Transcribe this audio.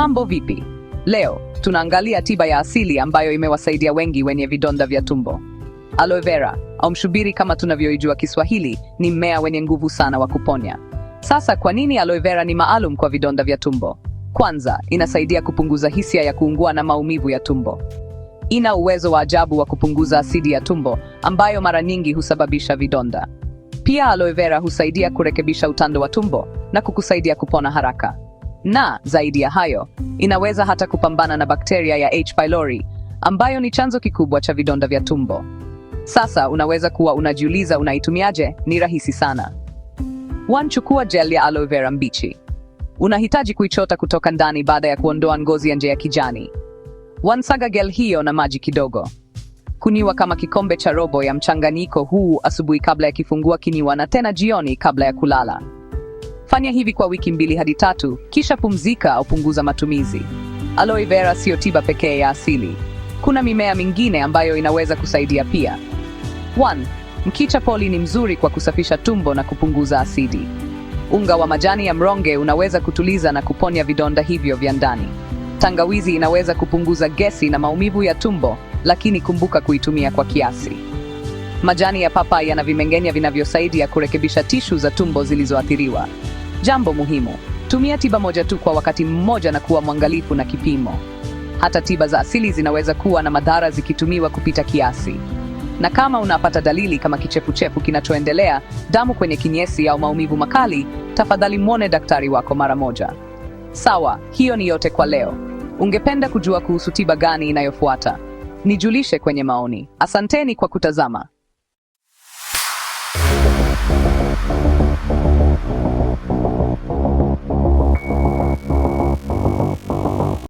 Mambo vipi? Leo tunaangalia tiba ya asili ambayo imewasaidia wengi wenye vidonda vya tumbo. Aloe vera au mshubiri kama tunavyoijua Kiswahili ni mmea wenye nguvu sana wa kuponya. Sasa kwa nini aloe vera ni maalum kwa vidonda vya tumbo? Kwanza, inasaidia kupunguza hisia ya kuungua na maumivu ya tumbo. Ina uwezo wa ajabu wa kupunguza asidi ya tumbo ambayo mara nyingi husababisha vidonda. Pia aloe vera husaidia kurekebisha utando wa tumbo na kukusaidia kupona haraka na zaidi ya hayo, inaweza hata kupambana na bakteria ya H. pylori ambayo ni chanzo kikubwa cha vidonda vya tumbo. Sasa unaweza kuwa unajiuliza unaitumiaje? Ni rahisi sana. Wanchukua gel ya aloe vera mbichi. Unahitaji kuichota kutoka ndani baada ya kuondoa ngozi ya nje ya kijani. Wansaga gel hiyo na maji kidogo. Kunywa kama kikombe cha robo ya mchanganyiko huu asubuhi kabla ya kifungua kinywa na tena jioni kabla ya kulala. Fanya hivi kwa wiki mbili hadi tatu, kisha pumzika au punguza matumizi. Aloe vera siyo tiba pekee ya asili, kuna mimea mingine ambayo inaweza kusaidia pia. 1. mkicha poli ni mzuri kwa kusafisha tumbo na kupunguza asidi. Unga wa majani ya mronge unaweza kutuliza na kuponya vidonda hivyo vya ndani. Tangawizi inaweza kupunguza gesi na maumivu ya tumbo, lakini kumbuka kuitumia kwa kiasi. Majani ya papai yana vimengenya vinavyosaidia kurekebisha tishu za tumbo zilizoathiriwa. Jambo muhimu, tumia tiba moja tu kwa wakati mmoja na kuwa mwangalifu na kipimo. Hata tiba za asili zinaweza kuwa na madhara zikitumiwa kupita kiasi. Na kama unapata dalili kama kichefuchefu kinachoendelea, damu kwenye kinyesi au maumivu makali, tafadhali mwone daktari wako mara moja. Sawa, hiyo ni yote kwa leo. Ungependa kujua kuhusu tiba gani inayofuata? Nijulishe kwenye maoni. Asanteni kwa kutazama.